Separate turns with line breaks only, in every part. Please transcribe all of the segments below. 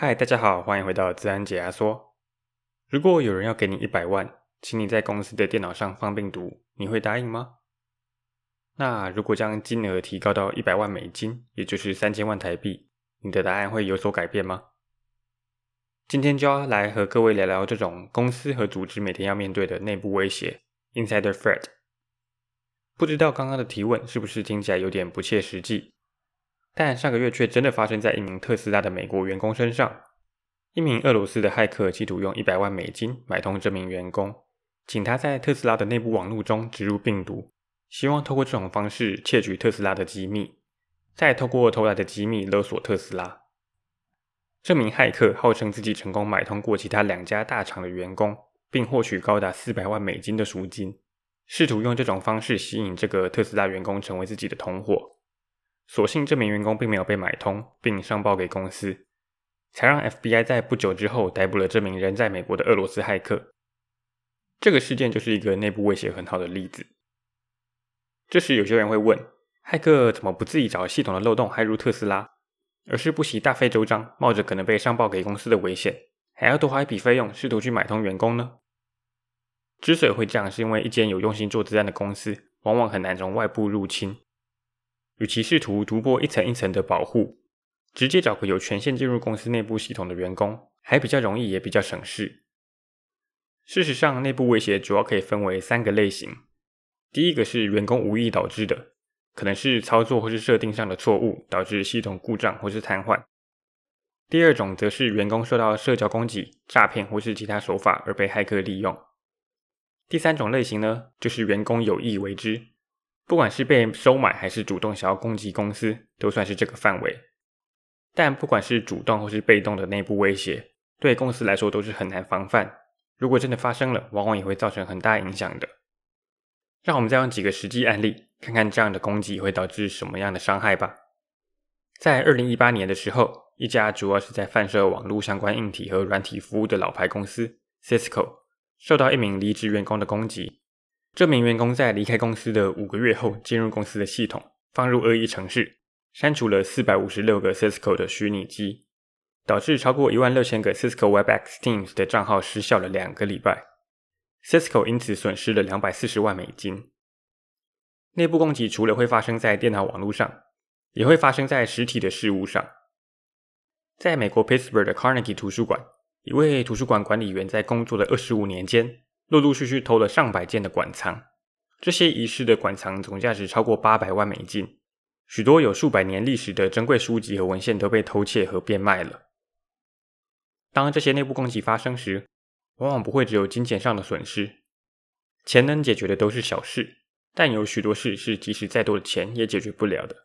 嗨，Hi, 大家好，歡迎回到資安解壓縮。如果有人要給你一百萬，請你在公司的電腦上放病毒，你會答應嗎？那如果將金額提高到一百萬美金，也就是三千萬台幣，你的答案會有所改變嗎？今天就要來和各位聊聊這種公司和組織每天要面對的內部威脅 （insider threat）。不知道剛剛的提問是不是聽起來有點不切實際？但上個月卻真的發生在一名特斯拉的美國員工身上。一名俄羅斯的駭客企圖用一百萬美金買通這名員工，請他在特斯拉的內部網絡中植入病毒，希望透過這種方式竊取特斯拉的機密，再透過偷來的機密勒索特斯拉。這名駭客號稱自己成功買通過其他兩家大廠的員工，並獲取高達四百萬美金的贖金，試圖用這種方式吸引這個特斯拉員工成為自己的同伙。所幸這名員工並沒有被買通，並上報給公司，才讓 FBI 在不久之後逮捕了這名人在美國的俄羅斯駭客。這個事件就是一個內部威脅很好的例子。這時有些人會問：駭客怎麼不自己找系統的漏洞駭入特斯拉，而是不惜大費周章，冒着可能被上報給公司的危險，還要多花一筆費用，試圖去買通員工呢？之所以會這樣，是因為一間有用心做資安的公司，往往很難從外部入侵。與其試圖突破一層一層的保護，直接找個有權限進入公司內部系統的員工，還比較容易，也比較省事。事實上，內部威脅主要可以分為三個類型：第一個是員工無意導致的，可能是操作或是設定上的錯誤導致系統故障或是癱瘓；第二種則是員工受到社交攻擊、詐騙或是其他手法而被駭客利用；第三種類型呢，就是員工有意為之。不管是被收買還是主動想要攻擊公司，都算是這個範圍。但不管是主動或是被動的內部威脅，對公司來說都是很難防範。如果真的發生了，往往也會造成很大影響的。讓我們再用幾個實際案例，看看這樣的攻擊會導致什麼樣的傷害吧。在二零一八年的時候，一家主要是在販售網絡相關硬體和軟體服務的老牌公司 Cisco，受到一名離職員工的攻擊。這名員工在離開公司的五個月後，進入公司的系統，放入惡意程式，刪除了四百五十六個 Cisco 的虛擬機，導致超過一萬六千個 Cisco Webex Teams 的賬號失效了兩個禮拜。Cisco 因此損失了兩百四十萬美金。內部攻擊除了會發生在電腦網絡上，也會發生在實體的事物上。在美國 Pittsburgh 的 Carnegie 圖書館，一位圖書館管理員在工作的二十五年間，陸陸續續偷了上百件的館藏，這些遺失的館藏總價值超過八百萬美金。許多有數百年歷史的珍貴書籍和文獻都被偷竊和變賣了。當這些內部攻擊發生時，往往不會只有金錢上的損失。錢能解決的都是小事，但有許多事是即使再多的錢也解決不了的。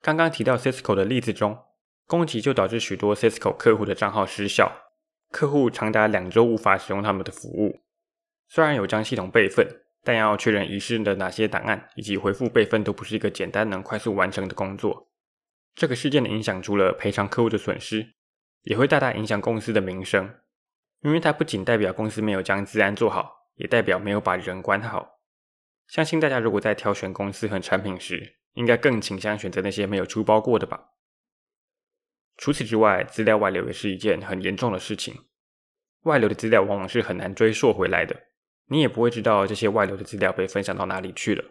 剛剛提到 Cisco 的例子中，攻擊就導致許多 Cisco 客戶的賬號失效，客戶長達兩周無法使用他們的服務。雖然有將系統備份，但要確認遺失的哪些檔案以及回復備份都不是一個簡單能快速完成的工作。這個事件的影響除了賠償客戶的損失，也會大大影響公司的名聲，因為它不僅代表公司沒有將資安做好，也代表沒有把人管好。相信大家如果在挑選公司和產品時，應該更傾向選擇那些沒有出包過的吧。除此之外，資料外流也是一件很嚴重的事情。外流的資料往往是很難追溯回來的。你也不會知道這些外流的資料被分享到哪裡去了。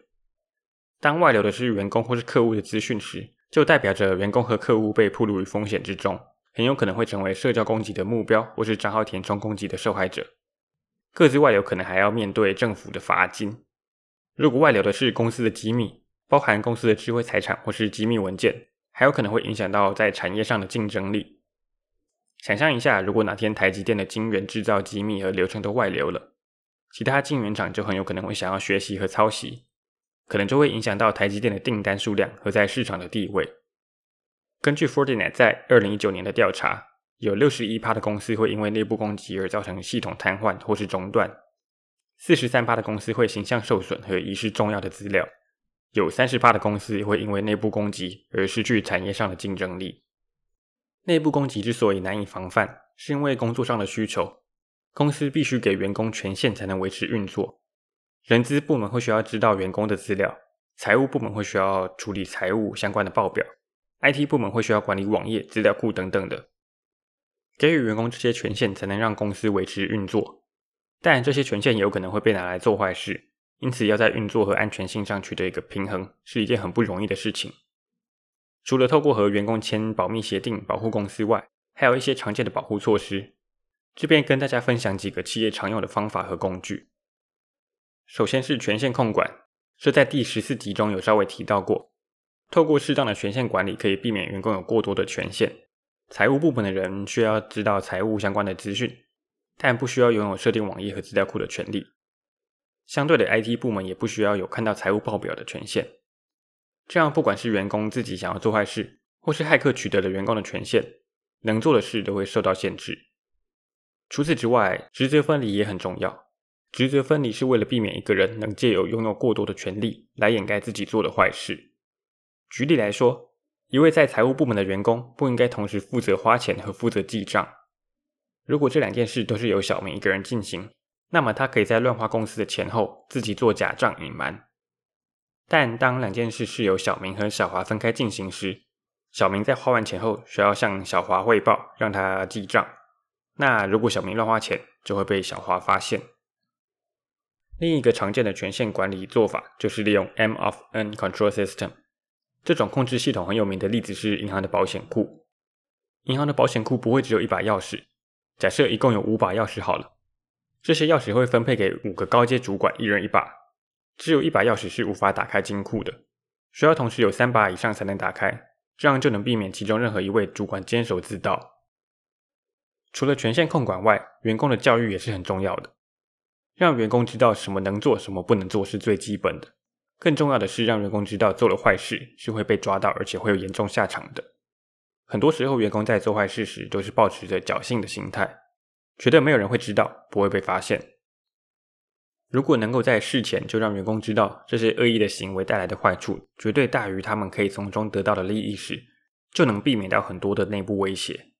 當外流的是員工或是客戶的資訊時，就代表着員工和客戶被曝露於風險之中，很有可能會成為社交攻擊的目標或是賬號填充攻擊的受害者。個資外流可能還要面對政府的罰金。如果外流的是公司的機密，包含公司的智慧財產或是機密文件，還有可能會影響到在產業上的競爭力。想象一下，如果哪天台積電的晶圓製造機密和流程都外流了。其他晶圓廠就很有可能會想要學習和抄襲，可能就會影響到台積電的訂單數量和在市場的地位。根據 Fortinet 在二零一九年的調查，有六十一%的公司會因為內部攻擊而造成系統癱瘓或是中斷，四十三%的公司會形象受損和遺失重要的資料，有三十%的公司會因為內部攻擊而失去產業上的競爭力。內部攻擊之所以難以防範，是因為工作上的需求。公司必須給員工權限才能維持運作，人資部門會需要知道員工的資料，財務部門會需要處理財務相關的報表，IT 部門會需要管理網頁、資料庫等等的。給予員工這些權限才能讓公司維持運作，但這些權限有可能會被拿來做壞事，因此要在運作和安全性上取得一個平衡，是一件很不容易的事情。除了透過和員工簽保密協定保護公司外，還有一些常見的保護措施。這邊跟大家分享幾個企業常用的方法和工具。首先是權限控管，這在第十四集中有稍微提到過。透過適當的權限管理，可以避免員工有過多的權限。財務部門的人需要知道財務相關的資訊，但不需要擁有設定網頁和資料庫的權利。相對的，IT 部門也不需要有看到財務報表的權限。這樣，不管是員工自己想要做壞事，或是駭客取得了員工的權限，能做的事都會受到限制。除此之外，職責分離也很重要。職責分離是為了避免一個人能借由擁有過多的權力來掩蓋自己做的壞事。舉例來說，一位在財務部門的員工不應該同時負責花錢和負責記賬。如果這兩件事都是由小明一個人進行，那麼他可以在亂花公司的錢後，自己做假賬隱瞞。但當兩件事是由小明和小華分開進行時，小明在花完錢後需要向小華匯報，讓他記賬。那如果小明亂花錢，就會被小花發現。另一個常見的權限管理做法就是利用 M of N control system。這種控制系統很有名的例子是銀行的保險庫。銀行的保險庫不會只有一把鑰匙，假設一共有五把鑰匙好了。這些鑰匙會分配給五個高階主管，一人一把。只有一把鑰匙是無法打開金庫的，需要同時有三把以上才能打開，這樣就能避免其中任何一位主管監守自盜。除了權限控管外，員工的教育也是很重要的。讓員工知道什麼能做，什麼不能做是最基本的。更重要的是，讓員工知道做了壞事是會被抓到，而且會有嚴重下場的。很多時候，員工在做壞事時都是抱持着僥倖的心態，覺得沒有人會知道，不會被發現。如果能夠在事前就讓員工知道，這些惡意的行為帶來的壞處絕對大於他們可以從中得到的利益時，就能避免掉很多的內部威脅。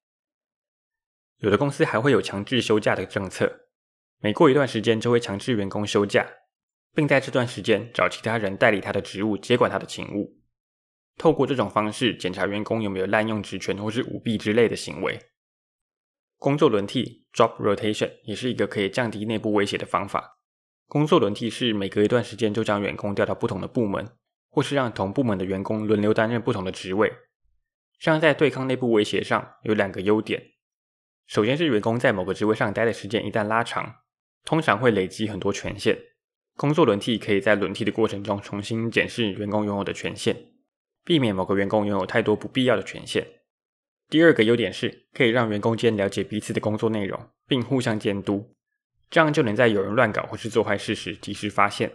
有的公司還會有強制休假的政策，每過一段時間就會強制員工休假，並在這段時間找其他人代理他的職務，接管他的勤務。透過這種方式，檢查員工有沒有濫用職權或是舞弊之類的行為。工作輪替 d r o p rotation） 也是一個可以降低內部威脅的方法。工作輪替是每隔一段時間就將員工調到不同的部門，或是讓同部門的員工輪流擔任不同的職位。這樣在對抗內部威脅上有兩個優點。首先是員工在某個職位上待的時間一旦拉長，通常會累積很多權限。工作輪替可以在輪替的過程中重新檢視員工擁有的權限，避免某個員工擁有太多不必要的權限。第二個優點是可以讓員工間了解彼此的工作內容，並互相監督，這樣就能在有人亂搞或是做壞事時及時發現。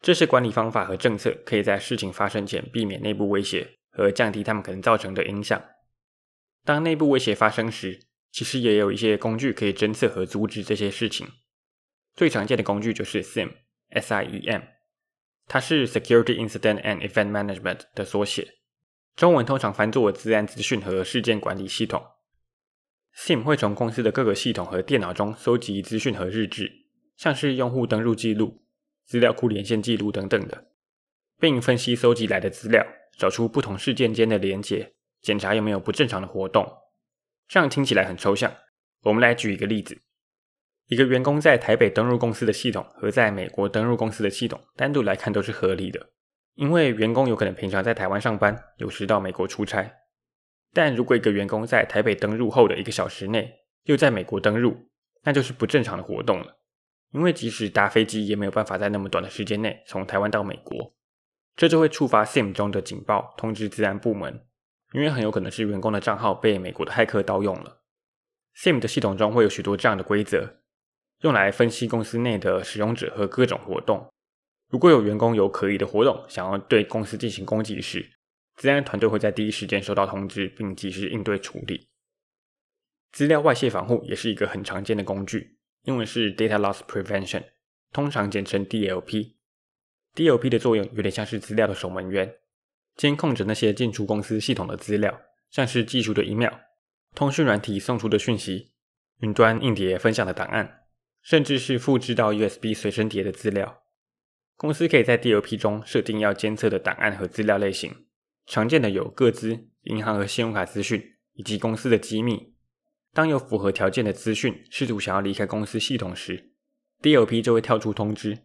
這些管理方法和政策可以在事情發生前避免內部威脅和降低他們可能造成的影響。當內部威脅發生時，其實也有一些工具可以偵測和阻止這些事情。最常見的工具就是 SIEM，S、I、E、M，它是 Security Incident and Event Management 的縮寫，中文通常翻作“資安資訊和事件管理系統”。SIEM 會從公司的各個系統和電腦中蒐集資訊和日志，像是用戶登錄記錄、資料庫連線記錄等等的，並分析收集來的資料，找出不同事件間的連結。檢查有沒有不正常的活動，這樣聽起來很抽象。我們來舉一個例子：一個員工在台北登入公司的系統和在美國登入公司的系統，單獨來看都是合理的，因為員工有可能平常在台灣上班，有時到美國出差。但如果一個員工在台北登入後的一個小時內又在美國登入，那就是不正常的活動了，因為即使搭飛機也沒有辦法在那麼短的時間內從台灣到美國，這就會觸發 SIM 中的警報，通知資安部門。因為很有可能是員工的賬號被美國的駭客盜用了。SIEM 的系統中會有許多這樣的規則，用來分析公司內的使用者和各種活動。如果有員工有可疑的活動，想要對公司進行攻擊時，資安團隊會在第一時間收到通知，並及時應對處理。資料外泄防護也是一個很常見的工具，因為是 Data Loss Prevention，通常簡稱 DLP。DLP 的作用有點像是資料的守門員。監控着那些進出公司系統的資料，像是寄出的 email、通訊軟體送出的訊息、雲端硬碟分享的檔案，甚至是複製到 USB 隨身碟的資料。公司可以在 DLP 中設定要監測的檔案和資料類型，常見的有個資、銀行和信用卡資訊，以及公司的機密。當有符合條件的資訊試圖想要離開公司系統時，DLP 就會跳出通知，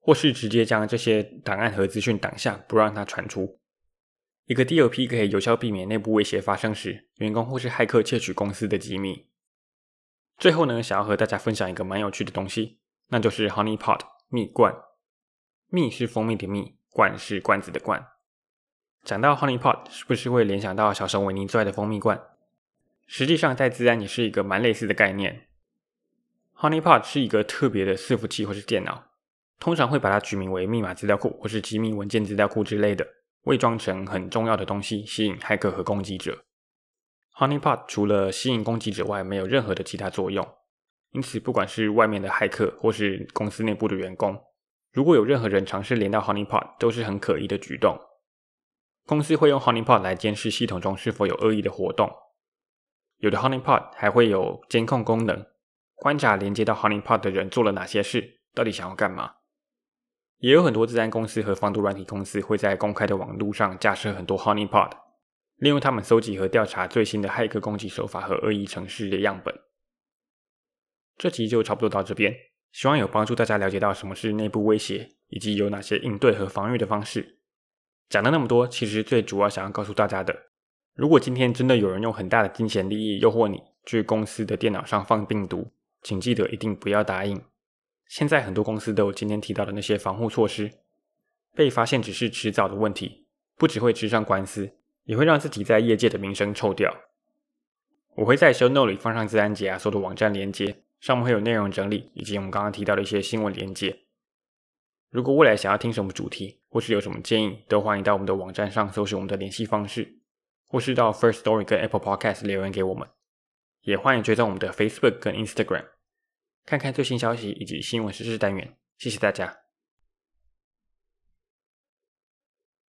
或是直接將這些檔案和資訊擋下，不讓它傳出。一個 DLP 可以有效避免內部威脅發生時，員工或是駭客竊取公司的機密。最後呢，想要和大家分享一個蠻有趣的東西，那就是 Honey Pot 蜜罐。蜜是蜂蜜的蜜，罐是罐子的罐。講到 Honey Pot，是不是會聯想到小熊維尼最愛的蜂蜜罐？實際上，在資安也是一個蠻類似的概念。Honey Pot 是一個特別的伺服器或是電腦，通常會把它取名為密碼資料庫或是機密文件資料庫之類的。偽裝成很重要的東西，吸引駭客和攻擊者。Honey Pot 除了吸引攻擊者外，沒有任何的其他作用。因此，不管是外面的駭客，或是公司內部的員工，如果有任何人嘗試連到 Honey Pot，都是很可疑的舉動。公司會用 Honey Pot 來監視系統中是否有惡意的活動。有的 Honey Pot 還會有監控功能，觀察連接到 Honey Pot 的人做了哪些事，到底想要幹嘛。也有很多資安公司和防毒軟體公司會在公開的網路上架設很多 honeypot，利用他們蒐集和調查最新的駭客攻擊手法和惡意程式的樣本。這集就差不多到這邊，希望有幫助大家了解到什麼是內部威脅，以及有哪些應對和防禦的方式。講了那麼多，其實最主要想要告訴大家的，如果今天真的有人用很大的金錢利益誘惑你，去公司的電腦上放病毒，請記得一定不要答應。現在很多公司都有今天提到的那些防護措施，被發現只是遲早的問題，不只會吃上官司，也會讓自己在業界的名聲臭掉。我會在 show note 裡放上資安解壓縮的網站鏈接，上面會有內容整理，以及我們剛剛提到的一些新聞連接。如果未來想要聽什麼主題，或是有什麼建議，都歡迎到我們的網站上搜尋我們的聯繫方式，或是到 Firstory 跟 Apple Podcast 留言給我們，也歡迎追蹤我們的 Facebook 跟 Instagram。看看最新消息以及新聞時事單元，謝謝大家。